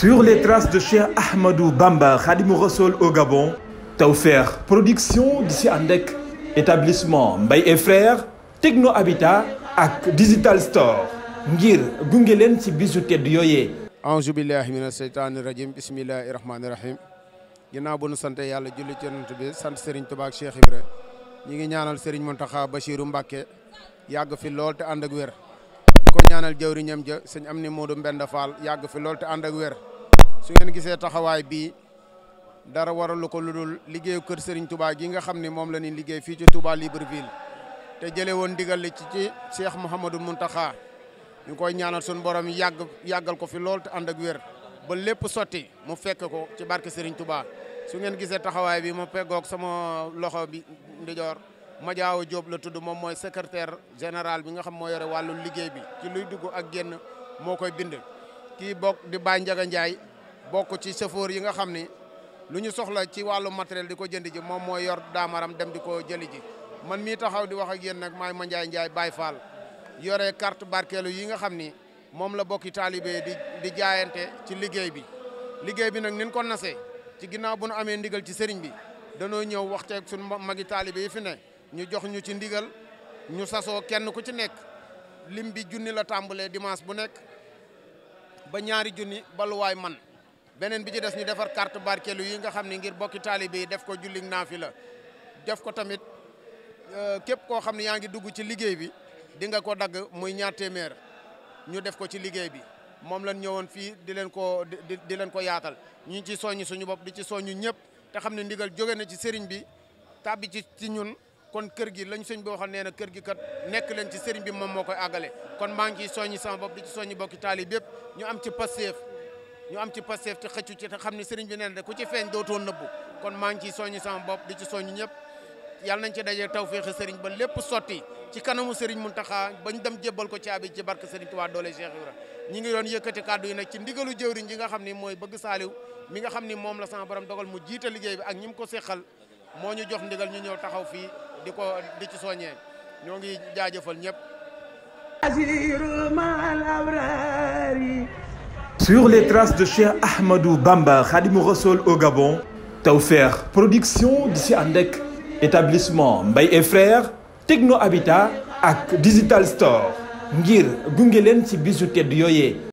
Sur les traces de Cheikh Ahmadou Bamba Khadimou Rassoul au Gabon Tawfekh Production di si ànd ak établissement Mbaye Frères Techno Habitat ak Digital Store ngir gunge leen ci bisu tedd yooyee aouzu billahi mina sheytaani rajim bismillahi rahmaani rahim ginnaaw bu nu sante yàlla julli ci yonent sant Serigne Touba ak ngi ñaanal Serigne Mountakha Bachirou yàgg fi lool te ànd ak wér ko ñaanal jëwriñam ja sëñ am ni Modou Mbenda Fall yàgg fi loolu te ànd ak weer su ngeen gisee taxawaay bii dara waralu ko lu dul liggéey kër Serigne tubaa ji nga xam ne moom la ñuy liggéey fii ci Touba Libreville te jëlee woon digal li ci ci Cheikh Mouhamadou Mountakha ñu koy ñaanal sun borom yàgg yàggal ko fi lool te ànd ak wér ba lépp sotti mu fekk ko ci barke Serigne Touba su ngeen gisee taxawaay bi mu peggook sama loxo bi ndijoor Madiaw Diop la tudd moom mooy secrétaire général bi nga xam moo yore wàllu liggéey bi ci luy dugg ak génn moo koy bind ki bokk di Baye Ndiaga Ndiaye bokk ci chauffeur yi nga xam ni lu ñu soxla ci wàllu matériel di ko jënd ji moom mooy yor daamaram dem di ko jëli ji man mii taxaw di wax ak yéen nag may Mandiaye Ndiaye Baye Fall yore carte barkeelu yi nga xam ni moom la bokki taalibe di di jaayante ci liggéey bi liggéey bi nag nin ko nasee ci ginnaaw bu nu amee ndigal ci sëriñ bi danoo ñëw wax ceeg suñu magi taalibe yi ñu jox ñu ci ndigal ñu sasoo kenn ku ci nekk lim bi junni la tàmbalee dimance bu nekk ba ñaari junni baluwaay man beneen bi ci des ñu defar carte barkeelu yi nga xam ni ngir bokki taalibe yi def ko julli la def ko tamit euh, képp koo xam ne yaa ngi dugg ci liggéey bi di nga ko dagg muy ñaar téeméer ñu def ko ci liggéey bi moom lañ ñëwoon fii di leen ko di leen ko yaatal ñu ngi ci soññ suñu bopp di ci soññu ñëpp te xam ne ndigal jóge na ci sëriñ bi tàbbi ci ci ñun kon kër gi lañ sëñ bi waxoon nee na kër gi kat nekk leen ci sëriñ bi moom moo koy àggale kon maa ngi ciy soññi sama bopp di ci soññi bokki taalib yëpp ñu am ci pasteef ñu am ci pasteef te xëccu ci te xam ne sëriñ bi nee na ku ci feeñ dootoon nëbbu kon maa ngi ciy soññi sama bopp di ci soññi ñëpp yàlla nañ ci dajee tawféexi sëriñ ba lépp sotti ci kanamu sëriñ Muntaxa bañ dem jébbal ko caabi ci barke sëriñ Tuubaa doole Cheikh Ibra ñi ngi doon yëkkati kàddu yi nag ci ndigalu jëwriñ ji nga xam ni mooy bëgg saaliw mi nga xam ni moom la sama borom dogal mu jiite liggéey bi ak ñi mu ko seqal moo ñu jox ndigal ñu ñëw taxaw fii di ko di ci soññee ñoo ngi jaajëfal ñëpp. Sur les traces de Cheikh Ahmadou Bamba Khadimou Rassoul au Gabon Tawfekh Production di si ànd ak établissement Mbaye e Frères Techno Habitat ak Digital Store ngir gunge leen ci bisu tedd yooyee